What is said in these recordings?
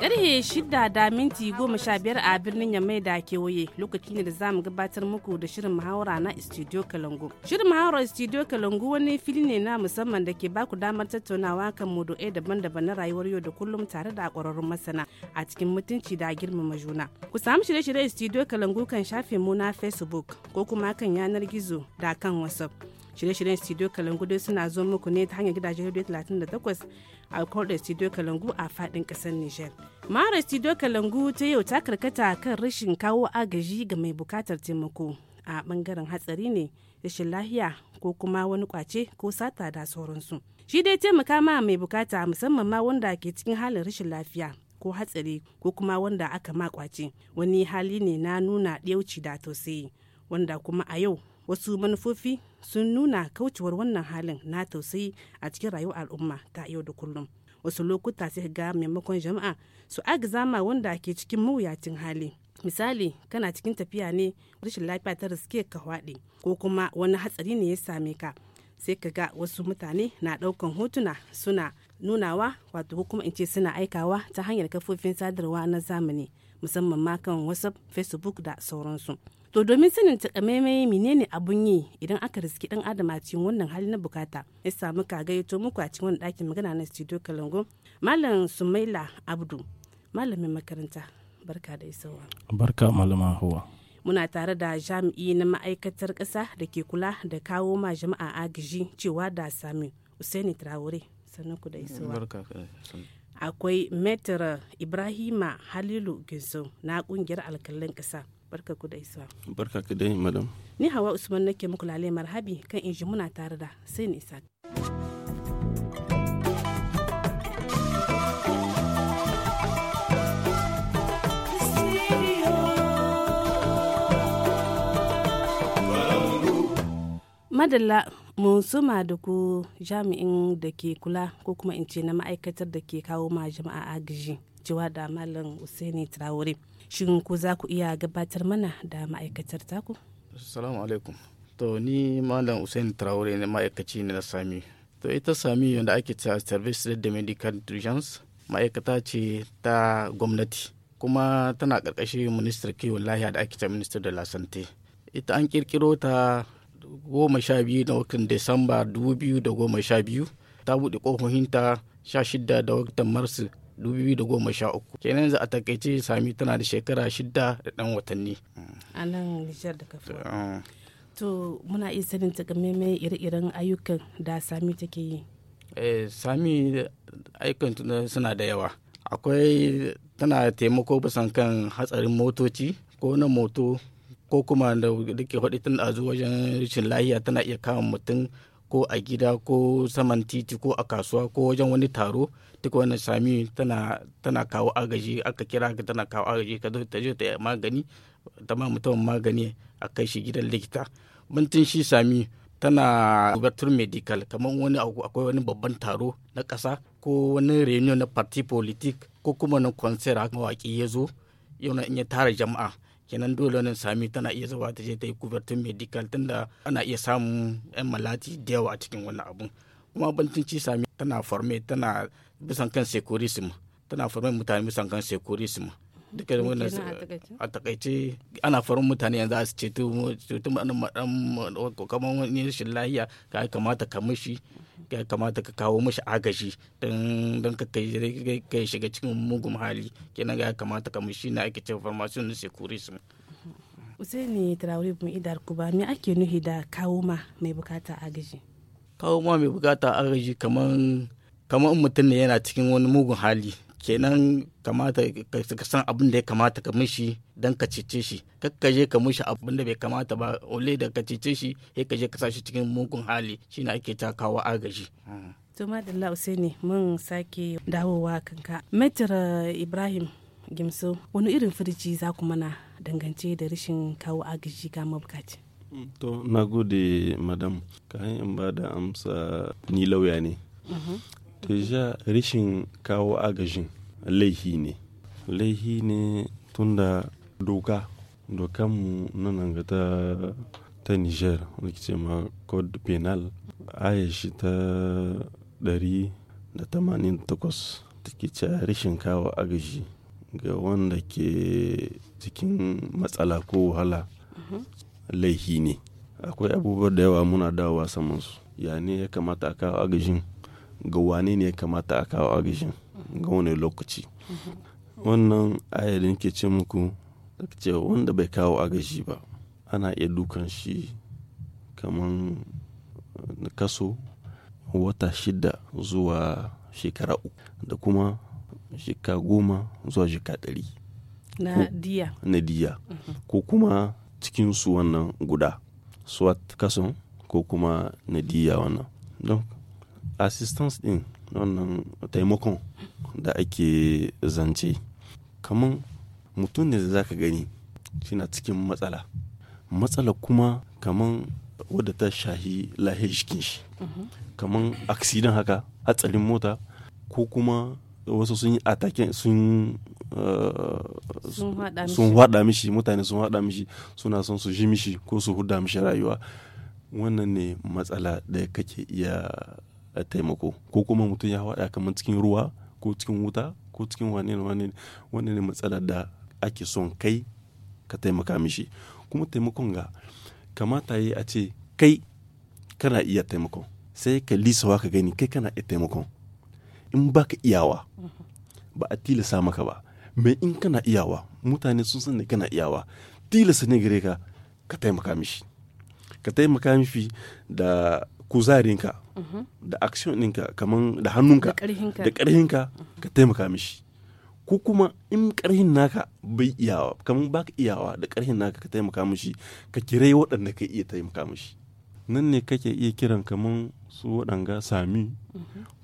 Karhe shida da minti goma sha biyar a birnin Yamai da kewaye lokaci ne da za mu gabatar muku da shirin muhawara na Studio Kalangu. Shirin muhawara Studio Kalangu wani fili ne na musamman da ke baku damar tattaunawa kan mudu'ai daban-daban na rayuwar yau da kullum tare da kwararrun masana a cikin mutunci da girmama juna. Ku samu shirye shiryen Studio Kalangu kan shafin mu na Facebook ko kuma kan yanar gizo da kan WhatsApp. shirye-shiryen studio kalangu dai suna zo muku ne ta hanyar gidajen radio 38 a kwarɗar studio kalangu a faɗin kasar niger mara studio kalangu ta yau ta karkata kan rashin kawo agaji ga mai bukatar taimako a ɓangaren hatsari ne rashin lahiya ko kuma wani kwace ko sata da sauransu shi dai taimaka ma mai bukata musamman ma wanda ke cikin halin rashin lafiya ko hatsari ko kuma wanda aka ma kwace wani hali ne na nuna ɗauci da tausayi wanda kuma a yau wasu manufofi sun nuna kaucewar wannan halin na tausayi a cikin rayuwar al'umma ta yau da kullum wasu lokuta sai ga maimakon jama'a su aga-zama wanda ke cikin mawuyacin hali misali kana cikin tafiya ne rashin lafiya ta riske ka hwaɗe ko kuma wani hatsari ne ya same ka sai ka ga wasu mutane na ɗaukan hotuna suna nunawa wato ko kuma in ce suna aikawa ta hanyar kafofin sadarwa na zamani musamman ma kan whatsapp facebook da sauransu To domin sanin takamaimai menene abun yi idan aka riski dan adam a cikin wannan hali na bukata. Ya samu ka gayyato muku a cikin wani ɗakin magana na studio Kalango. Malam Sumaila Abdu, malamin makaranta. Barka da isowa. Barka malama Hawa. Muna tare da jami'i na ma'aikatar ƙasa da ke kula da kawo ma jama'a agaji cewa da sami Usaini Traore. Sannan ku da isowa. Akwai Metra Ibrahima Halilu Ginso na ƙungiyar alkalin ƙasa. barka ku da isa barka ku dai madam ni hawa usman nake muku lale marhabi kan inji muna tare da sai ni isa madalla mun suma da ku jami'in da ke kula ko kuma in ce na ma'aikatar da ke kawo ma jama'a agaji cewa da malam usaini traore shin ku za ku iya gabatar mana da ma'aikatar taku assalamu alaikum to ni malam usain traore ne ma'aikaci ne na sami to ita sami yadda ake cewa service da medical intelligence ma'aikata ce ta gwamnati kuma tana ƙarƙashin ministar kiwon lahiya da ake cewa ministar da lasante ita an kirkiro ta goma sha biyu na watan Disamba dubu biyu da goma sha biyu ta buɗe ƙofofinta sha shida da watan Marsu 2013 kenan za a takaice sami tana da shekara shida da dan watanni a nan nijar da kafa ah. to muna iya sanin takamaimai ire-iren ayyukan da sami take yi eh, sami ayyukan suna da yawa akwai tana taimako bisan kan hatsarin motoci ko na moto ko kuma da ke hudu tun a wajen rashin lahiya tana iya kawo mutum ko a gida ko saman titi ko a kasuwa ko wajen wani taro duk wannan sami tana tana kawo agaji aka kira ka tana kawo agaji ka ta je ta magani ta ma mutum magani a kai shi gidan likita mintin shi sami tana gubernator medical kamar wani akwai wani babban taro na kasa ko wani reunion na party politic ko kuma na concert a mawaki ya zo yau in ya tara jama'a kenan dole wannan sami tana iya zuwa ta je ta yi kuvertin medical tunda ana iya samun yan malati da yawa a cikin wannan abun kuma bantunci sami tana forme tana bisan kan securism tana forme mutane bisan kan securism duka da wannan a takaice ana forme mutane yanzu a ceto an kamar wani shin lahiya ka kamata ka mishi ya kamata ka kawo mashi agaji don ka kai shiga cikin mugun hali kenan ya kamata ka shi na ake cewa formation na securism usaini traore bin idar kuba me ake nuhi da kawo ma mai bukata agaji kawo ma mai bukata agaji kamar kamar mutum ne yana cikin wani mugun hali kenan kamata ka san abin da ya kamata ka mishi don ka cece shi kar ka je ka mishi abin da bai kamata ba ole da ka cece shi sai ka je ka shi cikin mugun hali shi shine ake takawa agaji to madalla usaini mun sake dawowa kanka metra eh, ibrahim gimso wani irin firji za ku mana dangance da rashin kawo agaji ga mabukaci mm, to na gode madam kayan in ba da amsa ni lauya ne mhm. deja rishin kawo agajin laihi ne laihi ne tunda doka dokanmu na nan ta ta niger wanda ke ma code penal aya shi ta 188 take ce rishin kawo agaji ga wanda ke cikin matsala ko wahala laihi ne akwai abubuwa da yawa muna dawowa samansu ya ne ya kamata a kawo agajin ga wane ne ya kamata a kawo agishin ga wani lokaci wannan ayyarin ke ce muku ce wanda bai kawo agashi ba ana iya dukan shi kamar kaso wata shida zuwa shekara uku da kuma shekara goma zuwa shekara ɗari na diya na diya ko kuma cikinsu wannan guda swat kason ko kuma na diya wannan assistance din wannan taimakon da ake zance kamar mutum ne za ka gani shina cikin matsala matsala kuma kamar wadda ta shahi lahiyar jikin shi kamar aksidan haka hatsarin mota ko kuma wasu sun yi ataken sun sun hada mishi mutane sun hada mishi suna son su ji mishi ko su huda mishi rayuwa wannan ne matsala da kake iya a taimako ko kuma mutum ya faɗa kamar cikin ruwa ko cikin wuta ko cikin wani wani wane ne matsala da ake son kai ka taimaka mishi kuma taimakon ga kamata yi a ce kai kana iya taimakon sai ka lisawa ka gani kai kana iya taimakon in ba baka iyawa ba a tilasa maka ba mai in kana iyawa mutane sun san da kana iyawa tilasa ne gare ka ka taimaka mishi ka taimaka mishi da kuzarinka da action ɗinka kaman da hannunka da ƙarhinka ka taimaka mishi ko kuma in ƙarhin naka bai iyawa kaman baka iyawa da ƙarhin naka ka taimaka mishi ka kira waɗanda ka iya taimaka mishi nan ne kake iya kiran kaman su waɗanga sami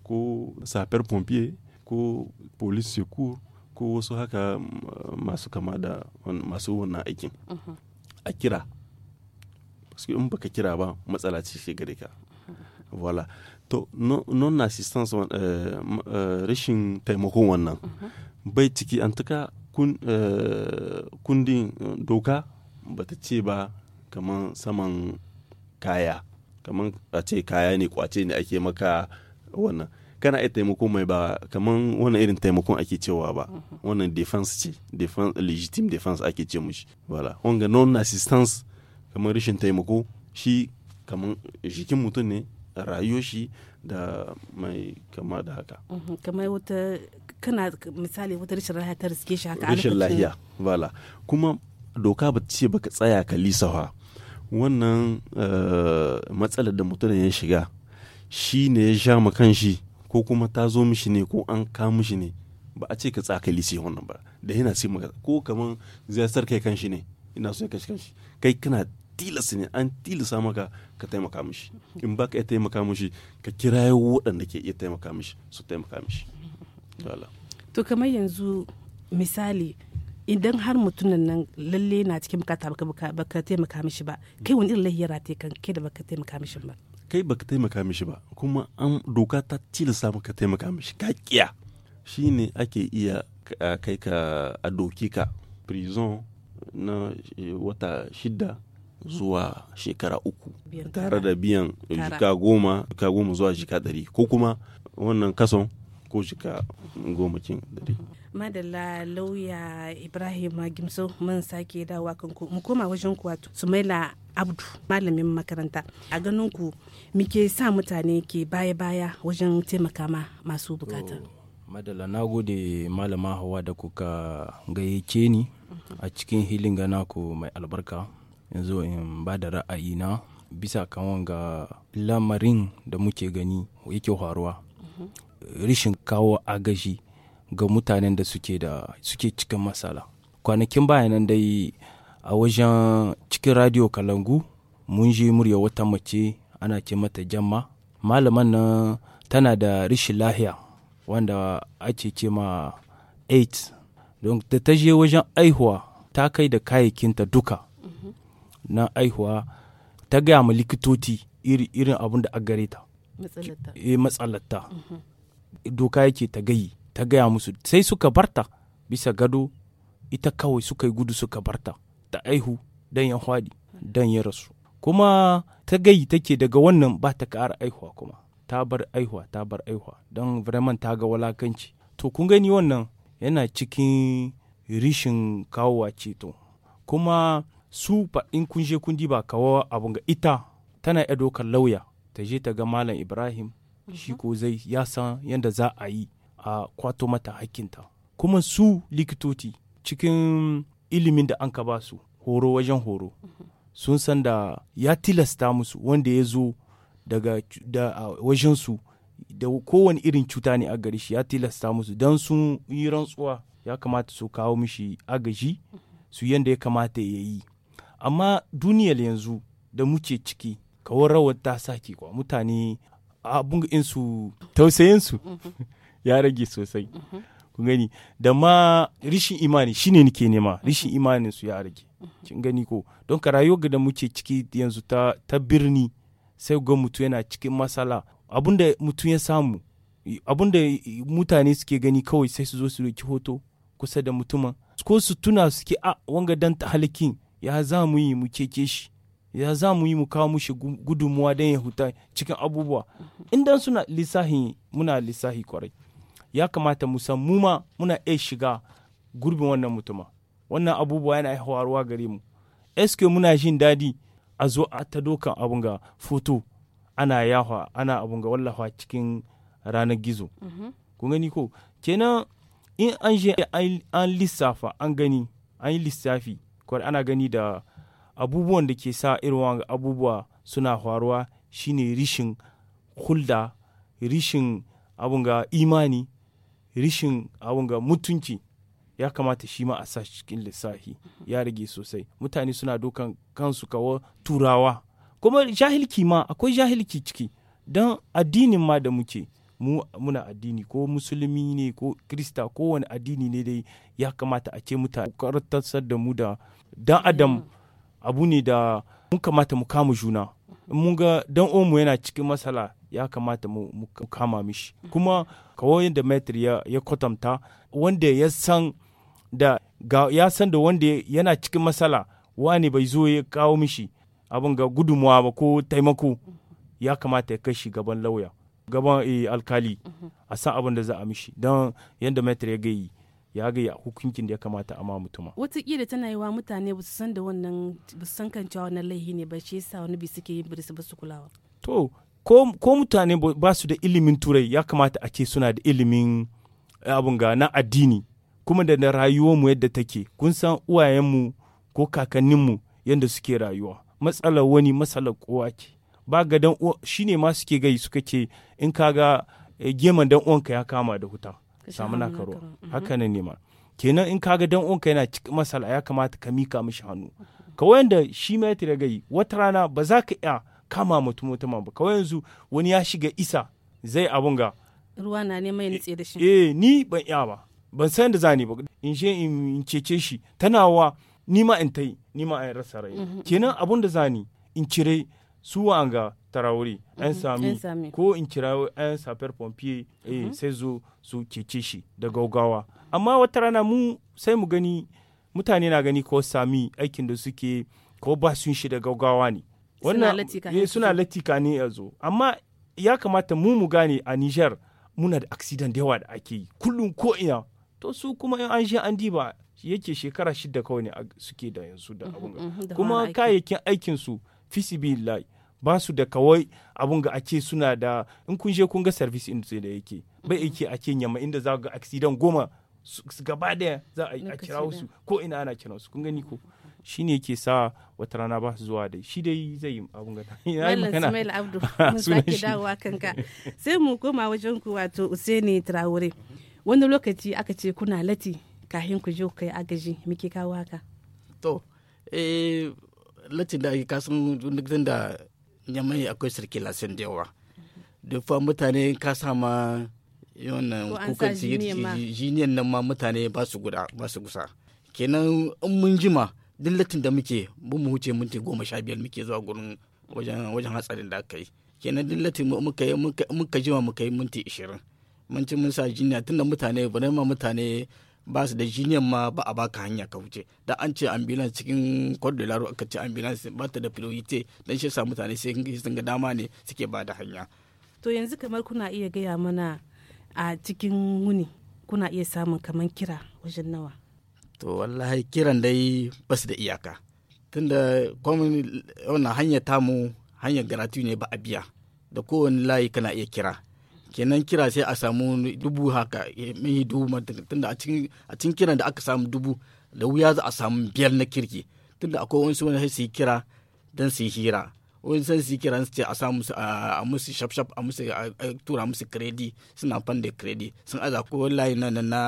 ko safar pompier ko police secours ko wasu haka masu kama da masu wannan aikin a kira in baka kira ba matsala ce shi gare ka Voilà. To, non-assistance, non uh, uh, taimako taimakon wannan, -huh. Mhm. bai ciki an taka euh, kundin doka ba ta ce ba kaman saman kaya, kaman a ce kaya ne kwace ne ake maka wannan. kana iya taimako mai ba kaman wannan irin taimakon ake cewa ba mhm. wannan defense ce defense legitimate defense ake ce mushi wala wanga non assistance kaman rishin taimako shi kaman jikin mutum ne rayoshi shi da mai kama da haka kamar wata kana misali wata rashin lahiya ta riske shi haka rashin lahiya bala kuma doka ba ce baka tsaya ka lisawa wannan eh, matsalar da mutum ya shiga shi ne ya sha ma kan shi ko kuma ta zo mishi ne ko an ka mishi ne ba a ce ka tsaka lisi wannan ba da yana sai maka ko kaman zai sarkai kan shi ne ina so ya kashi kanshi kai kana tilasta ne an tilasta maka ka taimaka mishi in ba ka iya taimaka mishi ka kira waɗanda ke iya taimaka mishi su taimaka mishi to kamar yanzu misali idan har mutumin nan lalle na cikin bukata ba ka taimaka mishi ba kai wani irin lahiyar rate kan kai da ba ka taimaka mishi ba kai ba ka taimaka mishi ba kuma an doka ta tilasta maka taimaka mishi ka kiya shine ake iya kai ka a doki ka prison na eh, wata shida zuwa shekara uku tare da biyan jika goma jika goma zuwa jika dari ko kuma wannan kason ko jika goma cin dari. madalla lauya ibrahim gimso mun sake kan ku mu koma wajen ku wato sumaila abdu malamin makaranta a ganin ku muke sa mutane ke baya baya wajen taimaka ma masu bukata oh, madalla na gode malama hawa da kuka gayyace ni a cikin hilin gana mai albarka in in ba da ra'ayi na bisa kan ga lamarin da muke gani yake faruwa rishin kawo agaji ga mutanen da suke da suke cikin matsala kwanakin bayanan dai a wajen cikin radio kalangu mun je murya wata mace ana ce mata jamma malaman nan tana da rishin lahiya wanda ake ce ma 8 don da ta je wajen aihuwa ta kai da kayayyakinta duka na aihuwa ta gaya ma likitoci irin abin da gare ta matsalata eh, mhm. doka yake ta gayi ta gaya musu sai suka barta bisa gado ita kawai suka yi gudu suka barta ta aihu dan ya hwadi dan ya rasu kuma ta gayi take daga wannan ba ta ƙara aihuwa kuma ta bar aihuwa ta bar aihuwa don vraiment ta ga walakanci to kun gani wannan yana cikin rishin kawowa ceto kuma su in kun je kun diba kawo abun ga ita tana iya dokar lauya ta je ta ga malam ibrahim shi mhm. ko zai ya san yadda za a yi a kwato mata hakkinta kuma su likitoci cikin ilimin da an ka ba su horo wajen horo mhm. sun san da ya tilasta musu wanda ya zo daga da, su da kowane irin cuta ne a gari shi ya tilasta musu don sun yi rantsuwa ya kamata su kawo mishi agaji mhm. su yadda ya kamata ya yi amma duniyar yanzu da muke ciki kawar rawar ta sake kwa mutane abun insu tausayinsu ya rage sosai ku gani da ma rishin imani shine nake nema rishin imanin su ya rage kin gani ko don ka rayuwar da muke ciki yanzu ta birni sai ga mutum yana cikin masala abinda mutum ya samu abinda mutane suke gani kawai sai su zo su roki hoto kusa da mutumin ko su tuna suke a ah, wanga dan ta halikin ya za mu yi mu keke shi ya za mu yi mu kawo mushi gudunmuwa don ya huta cikin abubuwa idan suna lissahi muna lissahi kwarai ya kamata mu san mu ma muna iya shiga gurbin wannan mutuma wannan abubuwa yana haihuwa gare mu eske muna jin daɗi a zo a ta dokan abun ga foto ana yahwa ana abun ga wallafa cikin ranar gizo mm-hmm. kun gani ko kenan in an je an lissafa an gani an yi lissafi kwar ana gani da abubuwan da ke sa irin abubuwa suna faruwa shine rishin hulda rishin abun ga imani rishin abun ga mutunci ya kamata shi ma a sa cikin lissafi ya rage sosai mutane suna dokan kansu kawo turawa kuma jahilki ma akwai jahilki ciki don addinin ma da muke mu muna addini ko musulmi ne ko krista ko wani addini ne dai ya kamata a ce mutane karantar da mu da dan adam abu ne da mun kamata mu kama juna mun ga dan omu yana cikin matsala ya kamata mu kama mishi kuma kawai da metri ya, ya kwatanta wanda ya san da ga, ya san da wanda yana cikin matsala wani bai zo ya kawo mishi abin ga gudunmawa ba ko taimako ya kamata ya kai shi gaban lauya gaban eh, alkali a san abin da za a mishi don yadda metri ya gayi ya ga ya hukuncin da ya kamata a ma mutuma wataƙila tana yi wa mutane ba su san da wannan ba su san kan cewa wannan ne ba shi yasa wani bi suke yin birisi ba su kulawa to ko, ko mutane ba su da ilimin turai ya kamata a ce suna da ilimin eh, abun ga na addini kuma da na rayuwarmu yadda take kun san uwayenmu ko kakannin mu yadda suke rayuwa matsalar wani matsalar kowa ce ba ga dan uwa shine ma suke gai suka ce in kaga eh, geman dan uwanka ya kama da wuta. samu na karo haka mm-hmm. ne ma kenan in kaga dan uwanka yana cikin masala ya kamata ka mika mishi hannu ka wanda shi ma ya ga yi wata rana ba za ka iya kama mutum mutum ba kawai yanzu wani ya shiga isa zai abun ga ruwa na ne mai nutse da shi eh, eh ni ban iya ba ban san da zani ba in je in cece shi tana wa ni ma in tai ni ma in rasa rai mm-hmm. kenan abun da zani in cire su wanga tarawuri yan mhm. sami ko in kira yan safar pompier eh, mhm. sai zo su cece shi da gaugawa amma wata rana mu sai mu gani mutane na gani ko sami aikin da suke ko ba sun shi da gaugawa ne wannan eh, suna latika ne a zo amma ya kamata mu mu gane a Niger muna da accident da yawa da ake yi kullum ko ina to su kuma in an je an diba yake shekara shida kawai ne suke da yanzu da mhm, abun kuma kayayyakin aikin su fisibillahi ba su da kawai abun ga ake suna da in kun je kun ga service industry da yake bai mm-hmm. yake a ce ma inda za ga accident goma gaba daya za a kira su ko ina ana kira su kun gani ko shi ne ke sa wata rana ba su zuwa dai shi dai zai yi abun ga Malam Ismail Abdu mun sake dawowa kanka sai mu koma wajen ku wato Usaini Traore wani lokaci aka ce kuna lati kahin ku je ku kai agaji muke kawo haka to eh latin da ka san duk da yamai akwai circulation da yawa duk fa mutane ka sama yawan kukan jiniyan nan ma mutane ba su guda ba su gusa kenan in mun jima duk latin da muke mun mu huce minti goma sha biyar muke zuwa gurin wajen wajen hatsarin da aka yi kenan duk latin muka muka jima muka yi minti ishirin mun ci mun sa jiniya tunda mutane bare ma mutane ba su da jiniyan ma ba a baka hanya ka wuce da an ce ambulance cikin kwadda laro aka ce ambulance ba ta da filoyite dan shi sa mutane sai sun ga dama ne suke ba da hanya to yanzu kamar kuna iya gaya mana a cikin wuni kuna iya samun kamar kira wajen nawa to wallahi kiran dai ba su da iyaka tunda wannan hanyar tamu hanyar garatu ne ba a biya da kowane layi kana iya kira kenan kira sai a samu dubu haka mai dubu tunda a cikin kira da aka samu dubu da wuya za a samu biyar na kirki tunda akwai wani wani su yi kira don su yi hira wani san su yi kira su ce a samu a musu shaf shaf a musu a tura musu kredi suna fan da kredi sun aza ko layi na na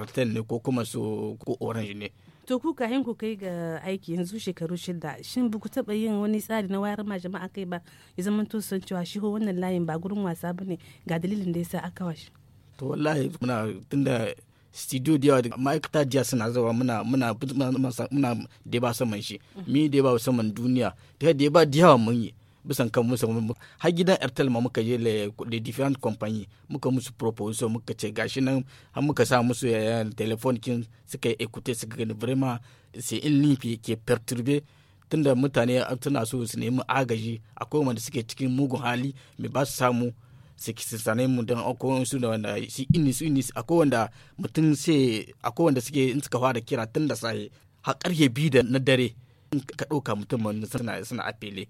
artel ne ko kuma su ko orange ne to ku kayan ku kai ga aiki yanzu shekaru shida shin ba ku taɓa yin wani tsari na wayar ma jama'a kai ba ya zama to san cewa shi wannan layin ba gurin wasa ba ne ga dalilin da yasa aka washi. to wallahi muna tunda studio da yawa ma'aikata jiya suna zawa muna muna muna da ba saman shi mm. mi da ba saman duniya da ba da yawa mun yi bisan kan musu har gidan airtel ma muka je le de different company muka musu proposal muka ce gashi nan har muka sa musu eh, eh, telephone kin suka écouter suka gani vraiment sai in limfi ke perturbe tunda mutane tana so su nemi agaji akwai wanda suke cikin mugun hali me ba su samu su sane mu dan akwai su da wanda shi inis inis akwai wanda mutum sai akwai wanda suke in suka fara kira tunda sai har karfe biyu da na dare in ka dauka mutum suna suna apele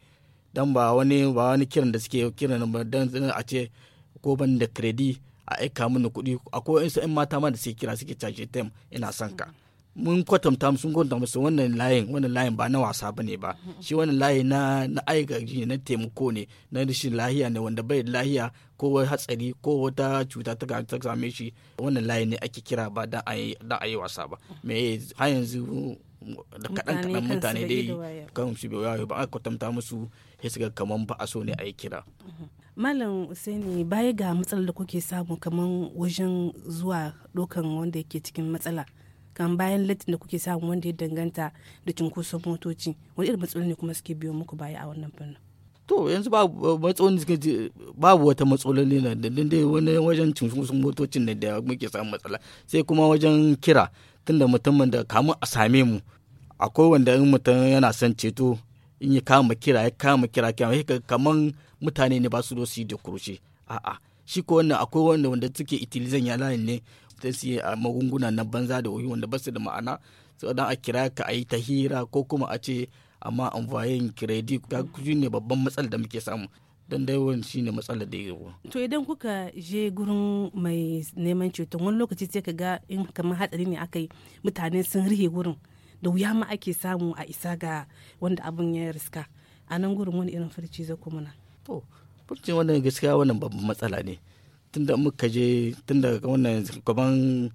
don ba wani ba wani kiran da suke kiran ba dan a ce ko ban da kredi a aika mini kuɗi akwai wasu 'yan mata ma da suke kira suke caje tem ina son ka mun kwatanta sun kwatanta musu wannan layin wannan layin ba na wasa ba ne ba shi wannan layi na na aika ne na taimako ne na rashin lahiya ne wanda bai lahiya ko wani hatsari ko wata cuta ta ta same shi wannan layi ne ake kira ba dan a yi wasa ba me har yanzu da kaɗan kaɗan mutane dai kan su bai wayo ba aka kwatanta musu sai su ga kaman ba a so ne a yi kira malam usaini baya ga matsalar da kuke samu kaman wajen zuwa dokan wanda yake cikin matsala kan bayan latin da kuke samu wanda ya danganta da cunkoson motoci wani irin matsaloli ne kuma suke biyo muku baya a wannan fannin to yanzu babu wata matsaloli na da dai wani wajen cunkoson motocin da muke samun matsala sai kuma wajen kira tunda mutumin da kamun a same mu akwai wanda in mutum yana son ceto in ya kama kira ya kama kira kama kaman mutane ne ba su zo da kurushe a'a shi ko wannan akwai wanda wanda suke itilizan ya layin ne ta su a ah, magunguna na banza da wuyi wanda ba su da ma'ana dan a kira ka a yi ta hira ko kuma a ce amma vayan kiredi ka kuji ne babban matsala da muke samu don dai wani shi ne matsalar da ya to idan kuka je gurin mai neman ceton wani lokaci sai ka ga in kamar hatsari ne aka yi mutane sun rihe gurin da wuya ma ake samu a isa ga wanda abin ya riska a nan gurin wani irin furci zai kuma na. to furcin wannan gaskiya wannan babban matsala ne tunda muka je tunda wannan gaban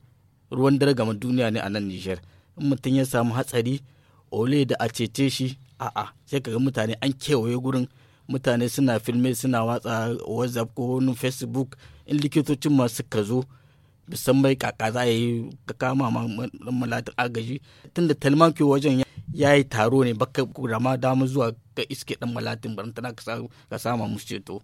ruwan dare duniya ne a nan nijar in mutum ya samu hatsari ole da a cece shi a'a sai kaga mutane an kewaye gurin mutane suna filme suna watsa whatsapp ko facebook in likitocin masu ka zo bisan bai kaka za a yi kama malatin agaji tunda talmaki wajen ya yi taro ne baka rama dama zuwa ka iske dan malatin barantana ka sama musu ceto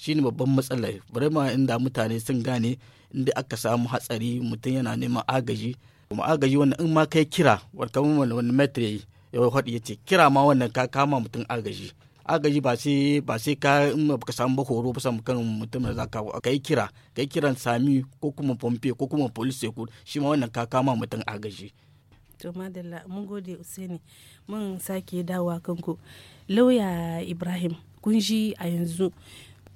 shi ne babban matsalar ma inda mutane sun gane inda aka samu hatsari mutum yana neman agaji kuma agaji wannan in ma kai kira wani wani metri ya haɗu ya ce kira ma wannan ka kama mutum agaji agaji ba sai ba sai ka in ka samu ba horo ba samu kan mutum da zaka kai kira kai kiran sami ko kuma pompe ko kuma police ko shi ma wannan ka kama mutum gaji to madalla mun gode usaini mun sake dawowa kanku lauya ibrahim kun ji a yanzu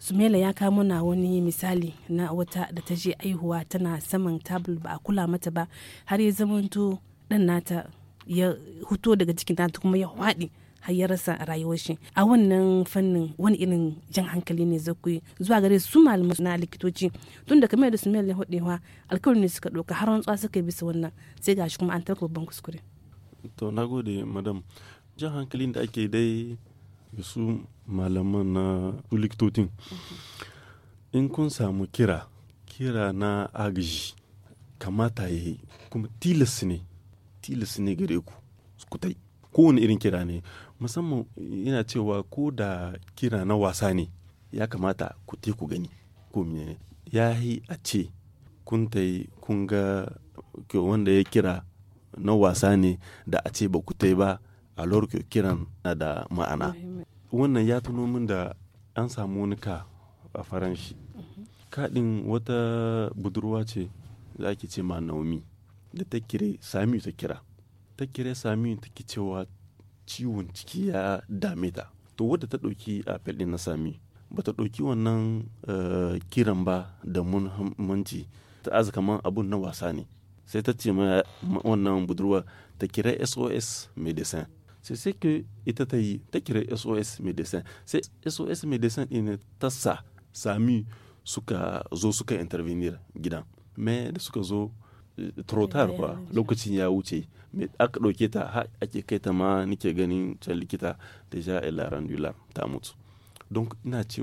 sumela ya kamo na wani misali na wata da ta je aihuwa tana saman tabul ba a kula mata ba har ya zamanto dan nata ya huto daga cikin nata kuma ya hwaɗi har ya rasa rayuwar shi a wannan fannin wani irin jan hankali ne zai yi zuwa gare su malamai na likitoci tun da kamar da su mai hudewa alkawarin ne suka ɗauka har rantsuwa suka yi bisa wannan sai gashi kuma an tarka babban kuskure to gode madam jan hankalin da ake dai su malaman na likitocin in kun samu kira kira na agaji kamata ya yi kuma tilas ne tilas ne gare ku kutai kowane irin kira ne musamman yana cewa ko da kira na wasa ne ya kamata ku te ku gani ko menene ya yi a ce kun ta yi kun ga wanda ya kira na wasa ne da a ce ba ku ta yi ba a lorke kiran na da ma'ana wannan ya tuno min da an samu wani ka a faranshi kaɗin wata budurwa ce za ki ce ma naomi da ta kire sami ta kira ta kire sami ta ki cewa ciwon ciki ya dame ta to wadda ta ɗauki a ɗin na sami ba ta ɗauki wannan eh, kiran ba da muhimmanci ta aza kamar abun na wasa ne sai ta ce ma wannan budurwa ta kira sos medecin sai sai ke ita ta yi ta kira sos medecin sai sos medecin ɗin ta sa sami suka zo suka intervenir gidan me da suka zo trotar fa lokacin ya wuce aka ɗauke ta ake kai ta ma nike ganin can likita da ja larandula ta mutu don ina ce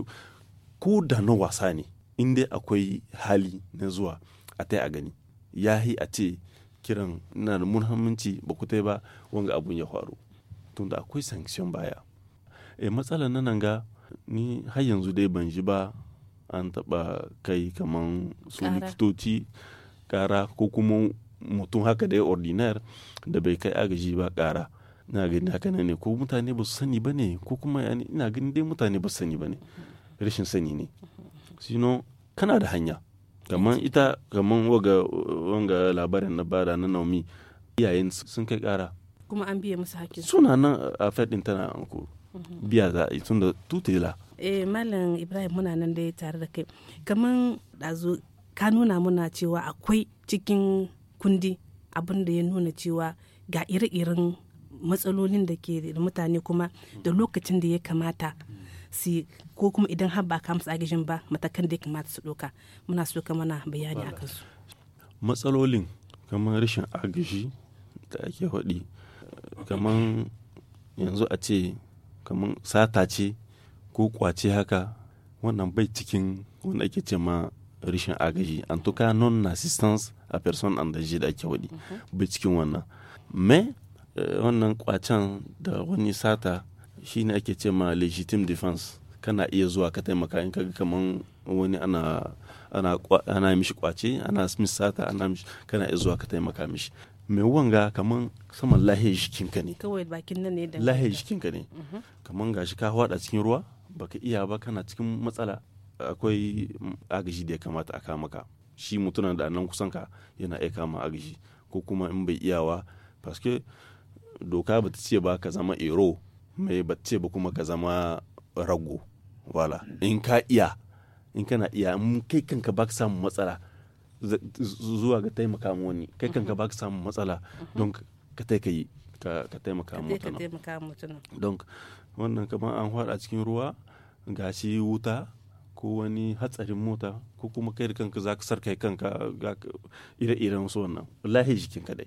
ko da na wasa ne inda akwai hali na zuwa a tai a gani ya yi a ce kiran na da muhammanci ba ku tai ba wanga abun ya faru tunda akwai sanction baya e matsalar nan ga ni har yanzu dai ban ji ba an taɓa kai kaman su likitoci kara ko kuma mutum haka da ya ordinar da bai kai agaji ba kara na gani haka ne ko mutane ba su sani ba ne ko kuma yani ina gani dai mutane ba su sani ba ne rashin sani ne sino kana da hanya kamar ita kamar waga wanga labarin na bada na naomi iyayen sun kai kara kuma an biya musu hakkin suna nan a fadin tana anko biya za a yi tun da tutela eh malam ibrahim muna nan dai tare da kai kamar ɗazu ka nuna muna cewa akwai cikin kundi abin ya nuna cewa ga ire-iren matsalolin da ke da mutane kuma da lokacin da ya kamata si ko kuma idan har ba ka agajin ba matakan da ya kamata su doka muna so ka mana bayani a kansu matsalolin kamar rashin agaji da ake faɗi kamar yanzu a ce kamar sata ce ko kwace haka wannan bai cikin wanda ake ce ma rishin agaji an tuka non assistance a person and daji da ake wadi mhm. bai cikin wannan me eh, wannan kwacan da wani sata shine ake ce ma legitimate defense kana iya zuwa ka taimaka in kaga kaman wani ana ana ana mishi kwace ana smith sata ana mishi kana iya zuwa ka taimaka mishi mai wanga kaman saman lahiyar jikinka ne kawai bakin nan ne da lahiyar jikinka ne mhm. kaman gashi ka hwada cikin ruwa baka iya ba kana cikin matsala akwai agaji da ya kamata a kama ka shi mutunan da nan kusan ka yana iya kama agaji ko kuma in bai iyawa paske doka ta ce ba ka zama ero mai ta ce ba kuma ka zama rago wala in ka iya in kana iya in kai kanka ba ka samu matsala zuwa ga taimaka wani kai kanka ba ka samu matsala don ka taika ka yi ka taimaka mutuna don wannan kamar an hada cikin ruwa gashi wuta ko wani hatsarin mota ko kuma kai da kanka za ka sarkai kanka ire-iren su wannan lahi jikin kadai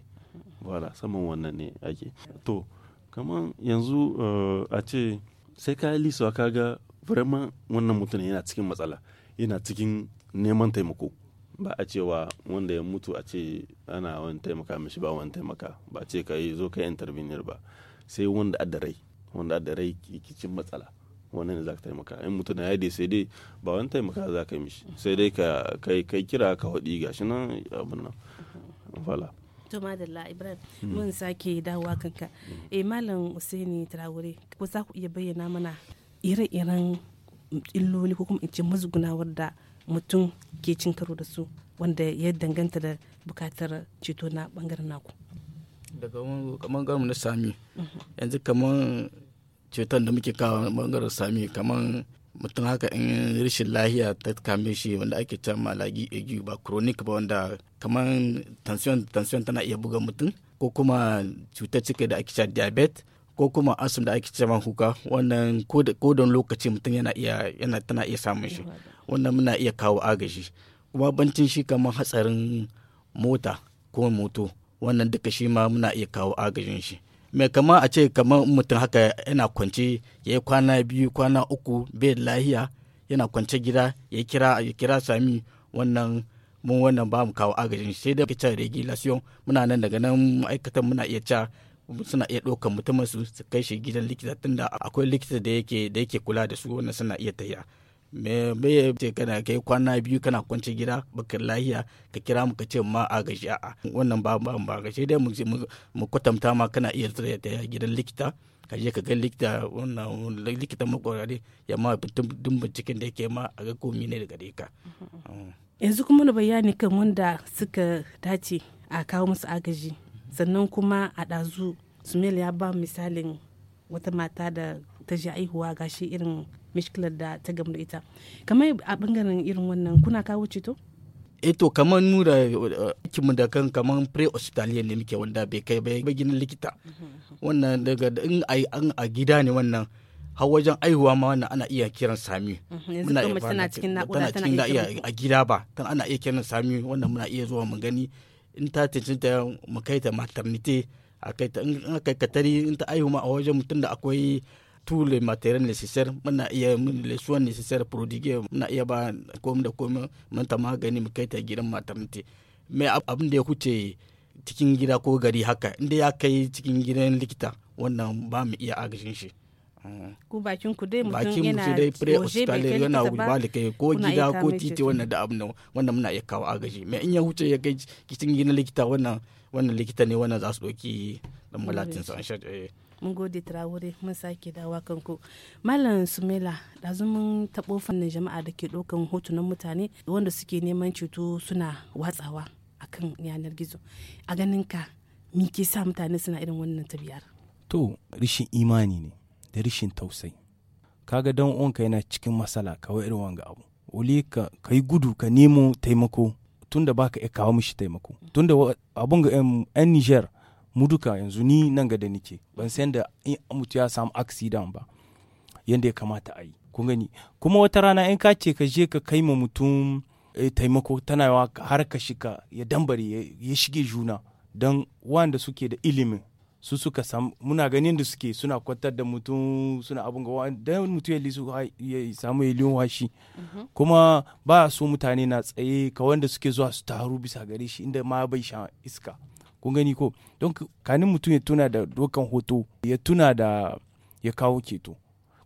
wala saman wannan ne ake to kamar yanzu eh, a ce sai ka yi ka ga vraiment wannan mutum yana cikin matsala yana cikin neman taimako ba a cewa wanda ya mutu a ce ana wani taimaka mishi ba wani taimaka ba ce ka yi zo ka yi intervenir ba sai wanda adda rai wanda adda rai kicin matsala wannan ne za ka taimaka in mutum na yade sai dai ba wani taimaka za ka mishi sai dai ka kai kira ka haɗi gashi nan abin nan fala to madalla ibrahim hmm. mun sake dawowa kanka hmm. eh malam usaini traore ko za ku iya bayyana mana ire-iren illoli ko kuma in ce mazugunawar da mutum ke cin karo da su wanda ya danganta da bukatar ceto na bangaren naku daga kamar bangaren na sami mhm. yanzu kamar cutar da muke kawo bangaren sami kamar mutum haka in rashin lahiya ta kame shi wanda ake can malagi egu ba chronic ba wanda kamar tension tension tana iya buga mutum ko kuma cutar cika da ake can diabetes ko kuma asum da ake cewa huka wannan ko don lokaci mutum yana iya yana tana iya samun shi wannan muna iya kawo agaji kuma bancin shi kamar hatsarin mota ko moto wannan duka shi ma muna iya kawo agajin shi mai kama a ce kamar mutum haka yana kwance ya yi kwana biyu kwana uku bai lahiya yana kwance gida ya kira ya kira sami wannan mun wannan ba mu kawo agajin sai da kice regulation muna nan daga nan ma'aikatan muna iya ca suna iya ɗaukar mutumin su kai shi gidan likita tunda akwai likita da yake da yake kula da su wannan suna iya tafiya me bai ce kana kai kwana biyu kana kwance gida baka lahiya ka kira mu ka ce ma a gashi a'a wannan ba ba ba gashi dai mu kwatanta ma kana iya tsaya ta gidan likita ka je ka ga likita wannan likita makwarare ya ma dun binciken da yake ma a ga komi ne daga ka yanzu kuma da bayani kan wanda suka dace a kawo musu agaji sannan kuma a dazu sumel ya ba misalin wata mata da ta ji aihuwa gashi irin mishkilar da ta gamu ita kamar a bangaren irin wannan kuna kawo ceto eto eh kamar nura kimu eh, da kan kamar pre-hospitalian ne muke wanda bai kai bai ginin likita wannan daga in a gida ne wannan har wajen aihuwa ma wannan ana iya kiran sami mhm, muna iya tana cikin naƙuda tana iya a gida ba tana ana iya kiran sami wannan muna iya zuwa mu gani in ta cancanta mu kai ta maternity a kai ta in aka katari in ta aihu ma a wajen mutum da akwai tous les matériels nécessaires mana iya les soins nécessaires prodiguer mana iya ba comme da comme mun ta magani mu kai ta gidan maternity mai abin da ya kuce cikin gida ko gari haka inda ya kai cikin gidan likita wannan ba mu iya agishin shi mm. ku bakin ku dai mutum yana bakin dai pre hospital yana ba da kai ko gida ko titi wannan da abin wannan muna iya kawo agaji mai in ya huce ya kai cikin gidan likita wannan wannan likita ne wannan za su ɗauki dan malatin sa an shaɗe eh. mun gode turawure mun sake dawa kanku malam sumela ɗazu mun taɓo fannin jama'a da ke ɗaukan hotunan mutane wanda suke neman ceto suna watsawa akan yanar gizo a ganin ka me ke sa mutane suna irin wannan tabiyar to rishin imani ne da rishin tausayi ga dan uwanka yana cikin matsala kawai irin wanga abu wuli ka kai gudu ka nemo taimako tunda baka iya kawo mishi taimako tunda abun ga yan Niger Muduka yanzu ni nan ga da nike ban san da in mutu ya samu accident ba yanda ya kamata a yi kun gani kuma wata rana in ka ce ka je ka kai ma mutum eh, taimako tana yawa har ka shika ya dambare ya shige juna don wanda suke da ilimin su suka samu muna ganin da suke suna kwantar da mutum suna abin ga don mutum ya samu ya liyon washi mhm. kuma ba so mutane na tsaye ka wanda suke zuwa su taru bisa gare shi inda ma bai sha iska kun gani ko don kanin mutum ya tuna da dokan hoto ya tuna da ya kawo keto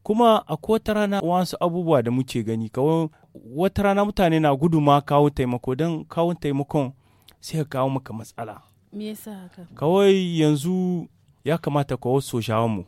kuma a wata rana wasu abubuwa da muke gani kawo. wata rana mutane na gudu ma kawo taimako don kawo taimakon sai ka kawo maka matsala me kawai yanzu ya kamata ka wasu mu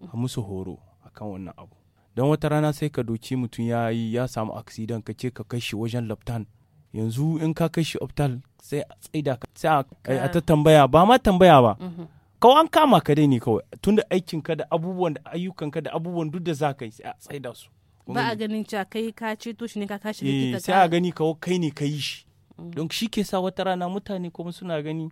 a musu horo akan wannan abu don wata rana sai ka doki mutum ya yi ya samu aksidan ka ce ka kai shi wajen laftan yanzu in ka kai shi optal sai a tsaida ka sai a ta tambaya ba ma tambaya ba mhm. kawai an kama ka dai ne kawai tunda aikin ka da abubuwan da ayyukan ka da abubuwan duk da za ka yi sai a tsaida su ba a ganin cewa kai ka to shi ne ka kashi eh, likita sai a gani kawai kai ne ka yi shi mm. don shi ke sa wata rana mutane kuma suna gani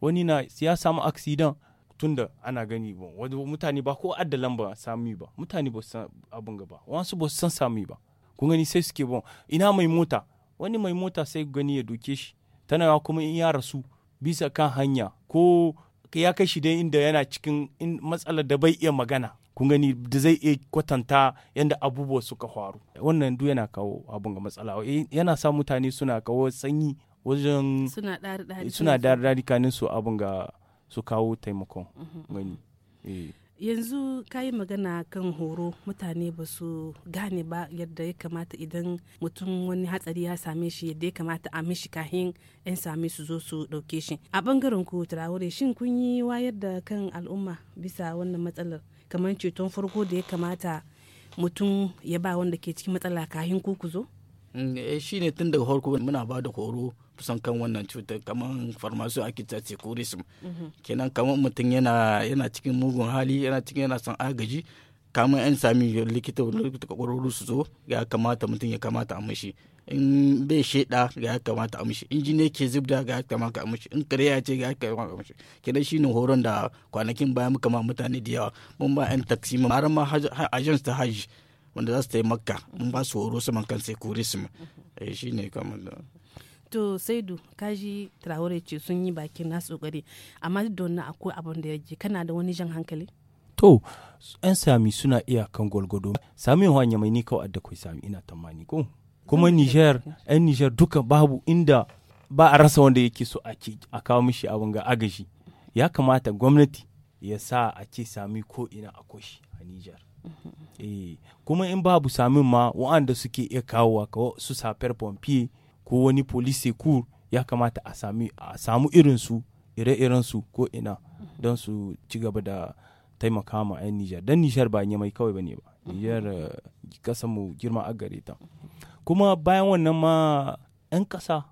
wani na ya samu accident tunda ana gani ba wani mutane ba ko adda lamba sami ba mutane ba su san abin gaba wasu ba su san sami ba kun gani sai suke ba ina mai mota wani mai mota sai gani ya doke shi tana kuma in ya rasu bisa kan hanya ko ya kai shi dai inda yana cikin matsalar da bai iya magana kun gani da zai iya kwatanta yadda abubuwa suka faru wannan duk yana kawo abun ga matsala yana sa mutane suna kawo sanyi wajen suna dari dari kanin su abun ga su kawo taimakon mhm. gani eh. yanzu ka yi magana kan horo mutane ba su gane ba yadda ya kamata idan mutum wani hatsari ya same shi yadda ya kamata a mishi kahin 'yan same su zo su ɗauke shi a ɓangaren ku turawure shin kun yi wayar da kan al'umma bisa wannan matsalar kamar ceton farko da ya kamata mutum ya ba wanda ke cikin matsala kahin ku ku zo? Mm, eh, shi tun daga farko muna ba da horo kusan kan wannan cutar kamar farmasu ake ta securism mhm. kenan kamar mutum yana yana cikin mugun hali yana cikin yana son agaji kamar yan sami likita likita kwakwaro su zo ya kamata mutum ya kamata a mashi in bai sheda ga ya kamata a mashi in jini ke zubda ga ya kamata a mashi in kare ya ce ga ya kamata a mashi kenan shine horon da kwanakin baya muka ma mutane da yawa mun ba yan taksi mun har ma agents ta hajji wanda za su taimaka mun ba su horo saman kan sai kurisim mhm. eh, shi ne kamar to saidu kaji traore ce sun yi bakin nasu kokari amma duk da wannan akwai abin da ya yake kana da wani jan hankali to yan sami suna iya kan gwalgwado sami hanya mai ni kawai kai sami ina tamani ko kuma niger yan niger duka babu inda ba a rasa wanda yake so a a kawo mishi abin ga agashi ya kamata gwamnati ya sa a ce sami ko ina a koshi a niger mm-hmm. eh, kuma in babu samin ma wa'anda suke iya kawowa su safiyar pompier ko wani police secours ya kamata a sami a samu irinsu ire-irensu ko ina don su ci gaba da taimaka ma 'yan Nijar don Nijar ba mai kawai ba ne ba Nijar kasan eh, mu girma a gare ta kuma bayan wannan ma 'yan ƙasa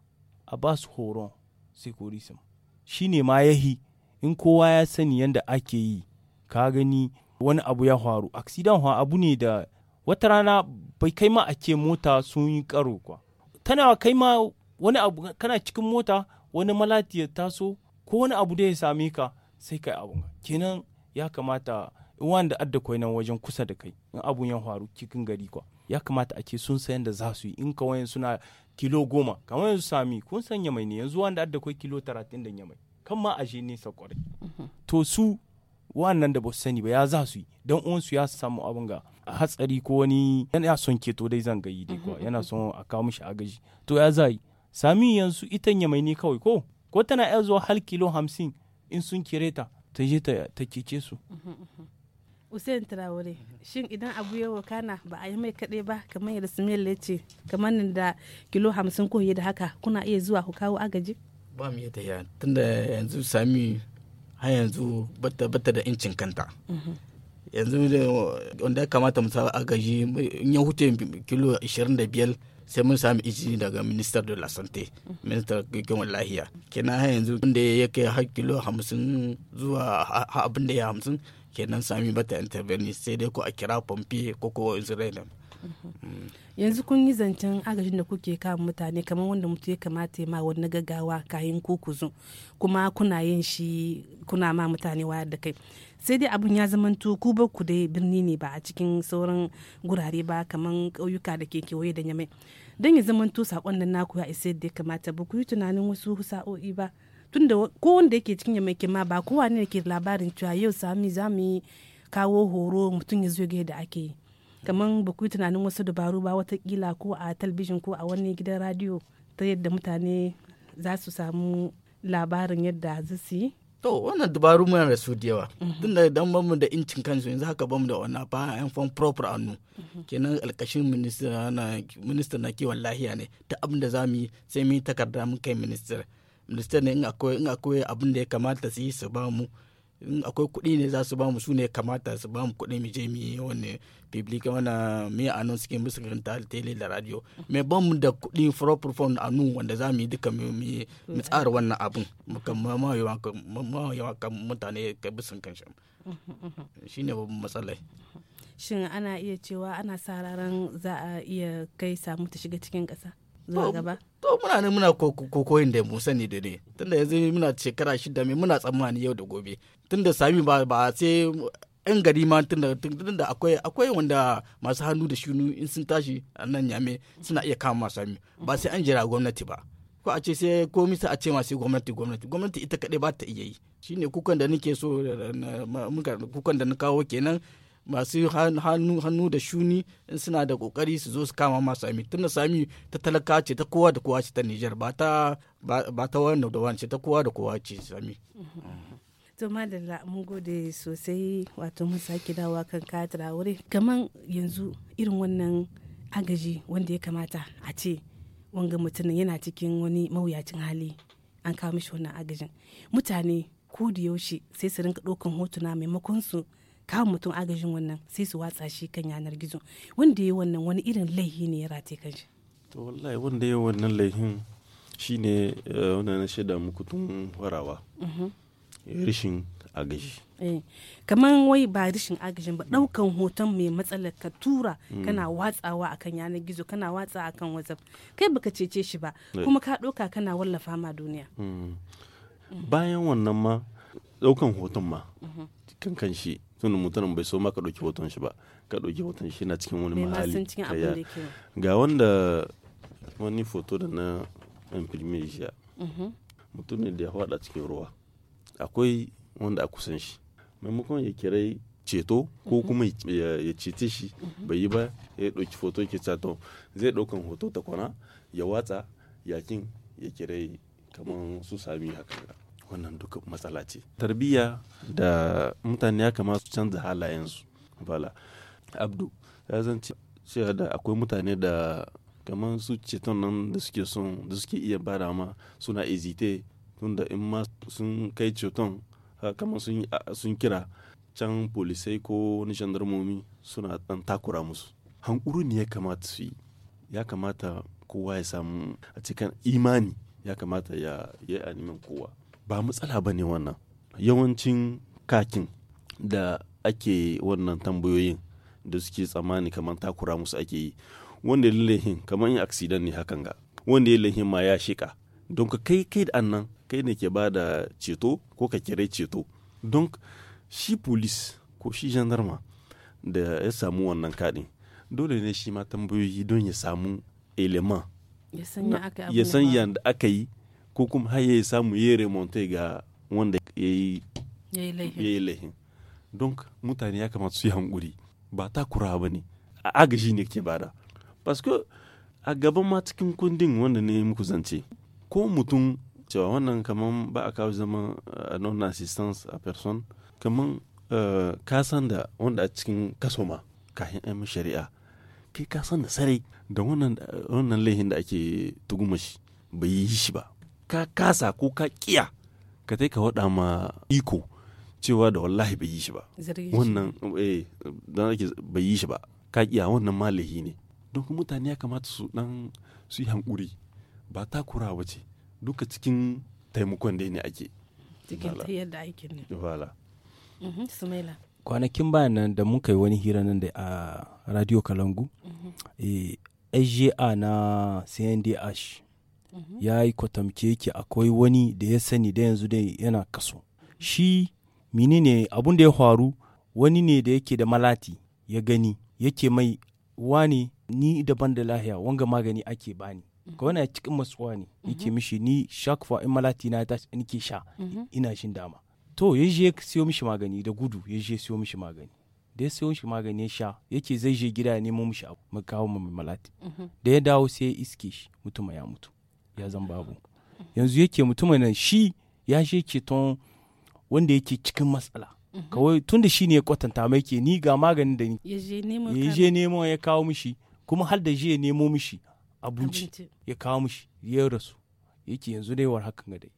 a ba su horon securism shi ne ma yahi in kowa ya sani yadda ake yi ka gani wani abu ya faru accident abu ne da wata rana bai kai ma a ce mota sun yi karo kwa tana kai ma wani abu kana cikin mota wani malati ya taso ko wani abu da ya same ka sai kai abu kenan ya kamata wanda adda kwai nan wajen kusa da kai in abun ya faru cikin gari kwa ya kamata a ce sun san da za su yi in wayan suna kilo goma kamar yanzu sami kun san yamai ne yanzu wanda adda kwai kilo talatin da yamai kan ma aje nesa kwarai mhm. to su wannan da ba su sani ba ya za su yi don uwansu ya samu abin ga hatsari ko wani yana son keto dai zan gayi dai kuwa yana son a kawo mishi agaji to ya zai sami yanzu ita mai ne kawai ko ko tana iya zuwa hal kilo hamsin in sun kire ta ta je ta kece su Usain Traore shin idan abu ya wakana ba a yi mai kaɗai ba kamar yadda Samuel ya ce kamar nan da kilo hamsin ko da haka kuna iya zuwa ku kawo agaji? Ba mu yadda ya tunda yanzu sami har yanzu bata bata da incin kanta. Mhm. yanzu da wanda ya kamata mu samu agaji in ya huce kilo 25 sai mun sami izini daga minister de la santé minister kiwon lahiya kenan ha yanzu inda ya kai har kilo 50 zuwa abin da ya 50 kenan sami bata intervene sai dai ko a kira pompier ko ko israel mm-hmm. yanzu kun yi zancen agajin da kuke kama mutane kamar wanda mutu ya kamata ya ma wani gaggawa kayan kuku zo kuma kuna yin shi kuna ma mutane wayar da kai sai dai abun ya zamanto ku ba ku dai birni ne ba a cikin sauran gurare ba kamar ƙauyuka da ke kewaye da nyame don ya zamanto sakon nan naku ya isa yadda ya kamata ba ku yi tunanin wasu sa'o'i ba tunda ko wanda yake cikin ke ma ba kowa ne ke labarin cewa yau sami za mu yi kawo horo mutum ya zo da ake yi kamar ba ku yi tunanin wasu dabaru ba watakila ko a talbijin ko a wani gidan radiyo ta yadda mutane za su samu labarin yadda za su yi to wannan dabaru muna da su da yawa tun da dan bamu da incin kansu yanzu haka bamu da wannan ba yan fan proper annu kenan alkashin minister na minister na kiwon lahiya ne ta abin da zamu yi sai mu yi takarda mun kai minister minister ne in akwai in akwai abin da ya kamata su yi su ba mu in akwai kuɗi ne za su ba mu su ne kamata su ba mu kuɗi mu je mu yi wani public wana mi anon suke musu karanta tele da radio me ba mu da kuɗi proper fund anu wanda za mu yi duka mu mu tsara wannan abun mu kan ma yawa kan mutane ka bisa kan shi ne babban matsala shin ana iya cewa ana sa za a iya kai samu ta shiga cikin ƙasa zuwa gaba to muna ne muna kokoyin da mu sani da ne tunda yanzu muna shekara shida mai muna tsammani yau da gobe tunda sami ba ba sai yan gari ma tunda akwai akwai wanda masu hannu da shunu in sun tashi a nan yame suna iya kama sami ba sai an jira gwamnati ba ko a ce sai ko misa a ce masu gwamnati gwamnati gwamnati ita kaɗai ba ta iya yi shine kukan da nake so kukan da na kawo kenan masu hannu da shuni in suna da kokari su zo su kama ma sami tunda sami ta talaka ce ta kowa da kowa ce ta Nijar ba ta ba ta wani da wani ce ta kowa da kowa ce sami to madalla mun gode sosai wato mun sake dawa kan katira wuri kaman yanzu irin wannan agaji wanda ya kamata a ce wanga mutumin yana cikin wani mawuyacin hali an kawo mishi wannan agajin mutane ko da yaushe sai su rinka ɗaukan hotuna maimakon su kawo mutum agajin wannan sai su watsa shi kan yanar gizo wanda ya wannan wani irin laihi ne ya rate kan shi to wallahi wanda ya wannan laihin ne eh, wanda na shaida muku tun warawa mhm. rashin agaji eh, kamar wai ba rashin agajin ba daukan hoton mai matsalar ka tura mm. kana watsawa akan yanar gizo kana watsa akan whatsapp kai baka cece shi ba eh. kuma ka dauka kana wallafa ma duniya mm. Mm. bayan wannan ma daukan hoton ma mhm. kan kan shi tunan mutanen bai so ma ka ɗauki hoton shi ba ka ɗauki hoton shi na cikin wani mahali ga wanda wani foto da na imprimir jiya mhm. mutum ne da ya faɗa cikin ruwa akwai wanda a kusan shi maimakon ya kirai ceto ko mhm. kuma ya cece shi mhm. bai yi ba ya ɗauki foto ke cato zai ɗaukan hoto ta kwana ya watsa yakin ya kirai kamar su sami haka wannan duka matsala ce tarbiyya da mutane ya kamata su canza halayensu bala abdu ya zan cewa da akwai mutane da kamar su ceton nan da suke son da suke iya bada ma suna ezite tunda in ma sun kai ceton kamar sun kira can polisai ko wani gendarmomi suna dan takura musu hankuru ne ya kamata su yi ya kamata kowa ya samu a cikin imani ya kamata ya yi animin kowa ba matsala ba ne wannan yawancin kakin da ake wannan tambayoyin da suke tsammani kamar takura musu ake yi wanda ya lahin kamar yin aksidan ne hakan ga wanda ya lahin ma ya shika don ka kai kai da annan kai ne ke ba da ceto ko ka kira ceto don shi polis ko shi jandarma da ya samu wannan kaɗi dole ne shi ma tambayoyi don ya samu eleman ya san yadda aka yi ko kuma har yayi samu ya remonte ga wanda ya yi laihin don mutane ya kamata su yi hankuri ba kura ba ne a agaji ne ke bada basko a gaban ma cikin kundin wanda ne muku zance ko mutum cewa wannan kaman ba a kawo zama a eh, non assistance a person kaman eh, ka san da wanda a cikin kaso ma kayan yan shari'a kai ka san da sarai da wannan eh, laihin da ake tugumashi shi bai yi shi ba ka kasa ko ka kiya ka kai ka waɗa ma iko cewa da wallahi bai yi shi ba wannan eh dan ake bai yi shi ba ka kiya wannan malahi ne don mutane ya kamata su dan su yi hankuri ba takurawa ce duka cikin taimakon da ne ake cikin ta yadda aikin ne wala mhm, sumaila kwanakin bayan nan da muka yi wani hira nan da a radio kalangu AJA mhm. eh, na CNDH Mhm. ya yi kwatamke ki akwai wani da ya sani da yanzu dai yana kaso shi mini ne abun da ya faru wani ne da yake da malati ya gani yake mai wani ni daban da lahiya wanga magani ake bani mhm. ka wani a cikin matsuwa ne mhm. yake mishi ni shakfa in malati na ta nike sha ina shin dama to ya je siyo mishi magani da gudu ya je siyo mishi magani da ya siyo mishi magani ya sha yake zai je gida ya nemo mishi abu mu kawo malati da ya dawo sai ya iske shi mutum ya mutu ya zan babu yanzu yake mutumin nan shi ya shi ceton wanda yake cikin matsala mhm. kawai tun da shi ne ya kwatanta mai ke ni ga maganin da ni ya je nemo ya kawo mishi kuma har da je ya nemo mishi abinci ya kawo mishi ya rasu yake yanzu dai war hakan ga dai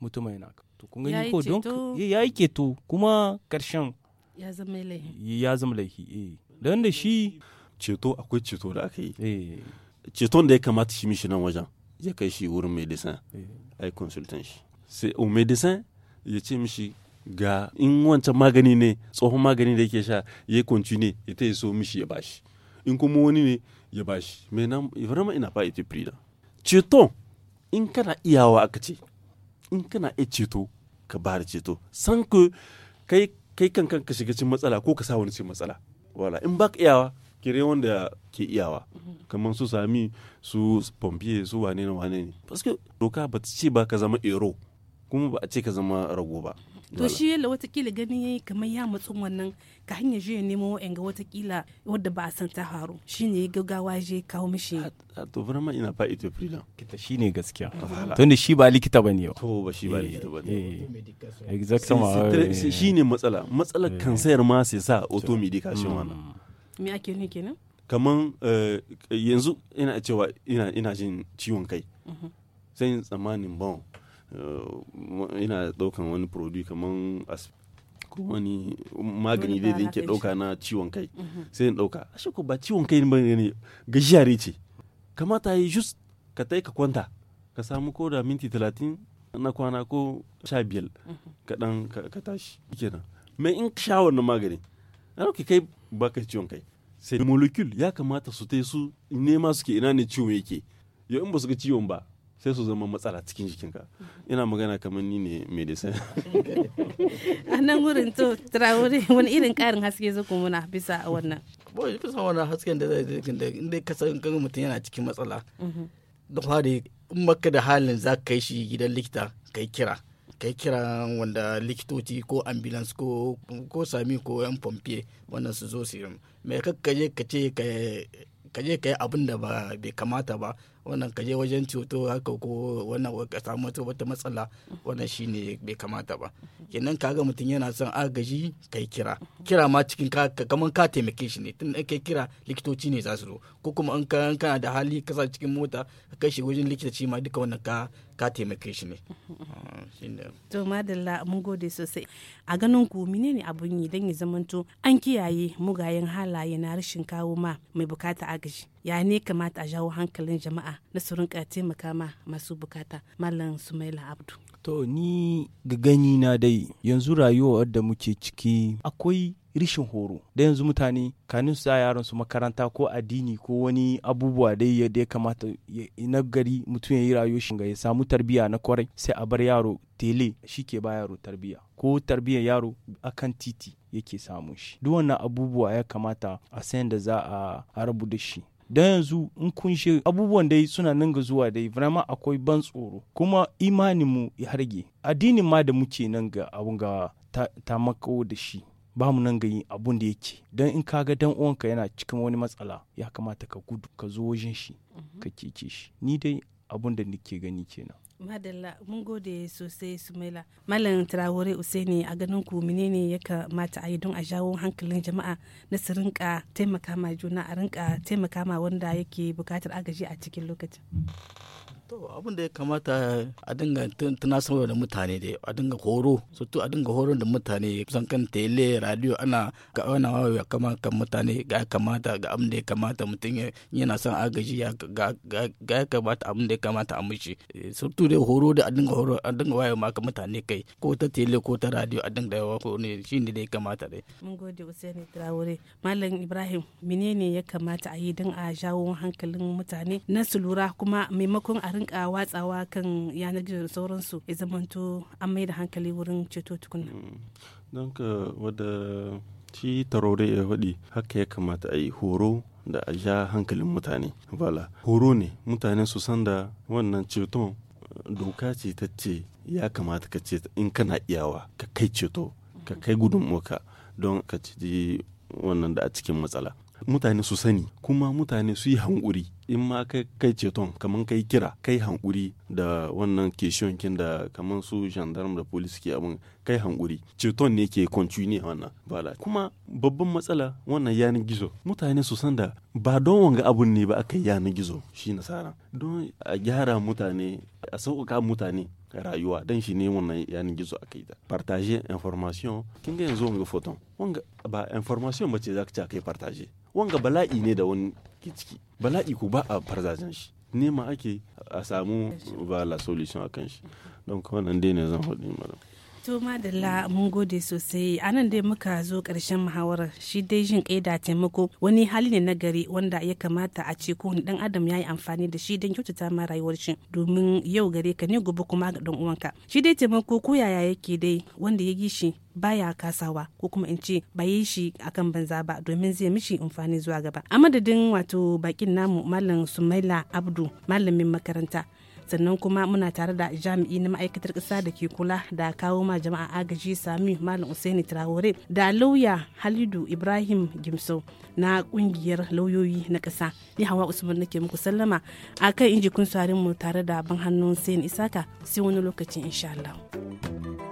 mutumin yana to kun gani ko don eh, ya yi keto kuma karshen ya zama laihi ya zama laihi eh don da shi ceto akwai ceto da aka yi eh. ceton da ya kamata shi mishi nan wajen ya kai shi wurin medecin eh. a yi consultant shi sai o oh, medecin ya ce mishi ga in wancan magani ne tsohon magani da yake sha ya continue ya ta so mishi ya bashi in kuma wani ne ya bashi mai nan vraiment ina fa ita frida ceto in kana iyawa aka ce in kana iya ceto ka ba da ceto san ku kai kai kankan ka shiga cikin matsala ko ka sa wani cikin matsala wala in ba ka iyawa kire wanda ke iyawa mm-hmm. kamar su sami su pompier su wane ne wane ne que doka ba ta ce ba ka zama ero kuma ba a ce ka zama rago ba to shi yalla watakila gani yayi kamar ya matsun wannan ka hanyar je nemo wa'en ga watakila wadda ba a san ta haro shine ya gaggawa je kawo mishi to vraiment ina fa ito freedom kita shine gaskiya ne shi ba likita bane ba to ba shi ba eh, likita bane exactement shine matsala matsalar eh. kansayar ma sai sa auto medication wannan me ake ne kenan kamar eh, yanzu ina cewa ina jin ciwon kai sai yin tsammanin bawon eh, ina daukan wani produit kamar ko magani da yake na ciwon kai mhm. sai in dauka a ko ba ciwon kai ba ne gajiya ce kamata yi just ka tai ka kwanta ka samu ko da minti talatin na kwana ko sha biyar mhm. ka ɗan ka tashi kenan mai in sha wannan magani a kai ba ka ciwon kai sai da molecule ya kamata su ta su nema suke ina ne ciwon yake yau in ba su ga ciwon ba sai su zama matsala cikin jikinka ina magana kamar ni ne medicine a nan wurin to traore wani irin karin haske zuku muna bisa a wannan bo yi bisa wannan hasken da zai zai da inda ka san kan mutum yana cikin matsala mhm. da fari in maka da halin za ka kai shi gidan likita kai kira kai kira wanda likitoci ko ambulance ko ko sami ko yan pompier wannan su zo su yi mai kakkaje ka ce ka ka yi abin da bai kamata ba wannan ka je wajen ceto haka ko wannan ka samu wata matsala wannan shine bai kamata ba kenan kaga mutum yana son agaji kai kira kira ma cikin ka kamar ka taimake shi ne tun kai kira likitoci ne za su zo ko kuma in kana da hali ka sa cikin mota ka kai shi wajen likita ma duka wannan ka ka taimake shi ne ah, to madalla mun gode sosai a ganin ku menene abun yi dan ya zamanto an kiyaye mugayen halaye na rashin kawo ma mai bukata agaji ya ne kamata a jawo hankalin jama'a na su rinka taimaka masu bukata malam sumaila abdu to ni ga gani na dai yanzu rayuwar da muke ciki akwai rishin horo da yanzu mutane kanin su yaran su makaranta ko addini ko wani abubuwa dai da ya kamata na gari mutum ya yi rayuwar ga ya samu tarbiyya na kwarai sai a bar yaro tele shi ke ba yaro tarbiya ko tarbiya yaro akan titi yake samun shi duk wannan abubuwa ya kamata a sayan da za a rabu da shi dan yanzu in kun she abubuwan dai suna nan ga zuwa dai vraiment akwai ban tsoro kuma imanin mu ya harge addinin ma da muke nan ga abun ga ta, makawo da shi ba mu nan ga yin abun da yake don in ka ga dan uwanka yana cikin wani matsala ya kamata ka gudu ka zo wajen shi ka mhm. keke shi ni dai abun da nike gani kenan madalla mun gode sosai sumaila malam traore usaini a ganin ku menene ya kamata a yi don a jawo hankalin jama'a na su rinka taimaka ma juna a rinka taimaka ma wanda yake bukatar agaji a cikin lokacin to abin da ya kamata a dinga tunasarwa da mutane dai a dinga horo sotu a dinga horon da mutane kusan kan tele radio ana ga wani wawa kama kan mutane ga kamata ga abin da ya kamata mutum yana son agaji ga ya kamata abin da ya kamata a mishi sotu dai horo da a dinga horo a dinga wayo maka mutane kai ko ta tele ko ta radio a dinga yawa ko ne shi ne da ya kamata dai. mun gode usaini traore malam ibrahim menene ya kamata a yi don a jawo hankalin mutane na su lura kuma maimakon a rinka watsawa kan yanar gizo da sauransu ya zamanto an mai da hankali wurin ceto tukuna mm. don ka wadda ci tarore ya faɗi haka ya kamata a yi horo da a ja hankalin mutane bala horo ne mutane su san da wannan ceton eh, doka ce ta ce ya kamata ka ce in kana iyawa ka kai ceto ka kai gudun muka. don ka ci wannan da a cikin matsala mutane su sani kuma mutane su yi hankuri in ma kai kai ceton kamar kai kira kai hankuri da wannan ke shonkin da kamar su gendarme da police ke abin kai hankuri ceton ne ke continue wannan bala kuma babban matsala wannan yanin gizo mutane su san da ba don wanga abun ne ba aka yanin gizo shi nasara don a gyara mutane a sauƙaƙa mutane rayuwa dan shi ne wannan yanin gizo aka yi da partage information kin yanzu wanga photon wanga ba information ba ce za ka kai partage wanga bala'i ne da wani ciki bala'i ko ba a farzajen shi nema ake a samu ba la solution a kan shi don wannan dai ne zan faɗi madam To madalla mun gode sosai a nan dai muka zo karshen muhawarar shi dai jin kaida taimako wani hali ne na gari wanda ya kamata a ce ko dan adam ya yi amfani da shi don kyautata ma rayuwar shi domin yau gare ka ne gobe kuma ga dan uwanka shi dai taimako ko yaya yake dai wanda ya yi shi baya kasawa ko kuma in ce ba yi shi akan banza ba domin zai mishi amfani zuwa gaba amadadin wato bakin namu malam sumaila abdu malamin makaranta sannan kuma muna tare da jami'i na ma'aikatar ƙasa da ke kula da kawo ma jama'a agaji sami malam usaini traore da lauya halidu ibrahim gimso na ƙungiyar lauyoyi na ƙasa ni hawa usman nake muku sallama a kan injikun mu tare da ban hannun sain isaka sai wani lokacin insha Allah.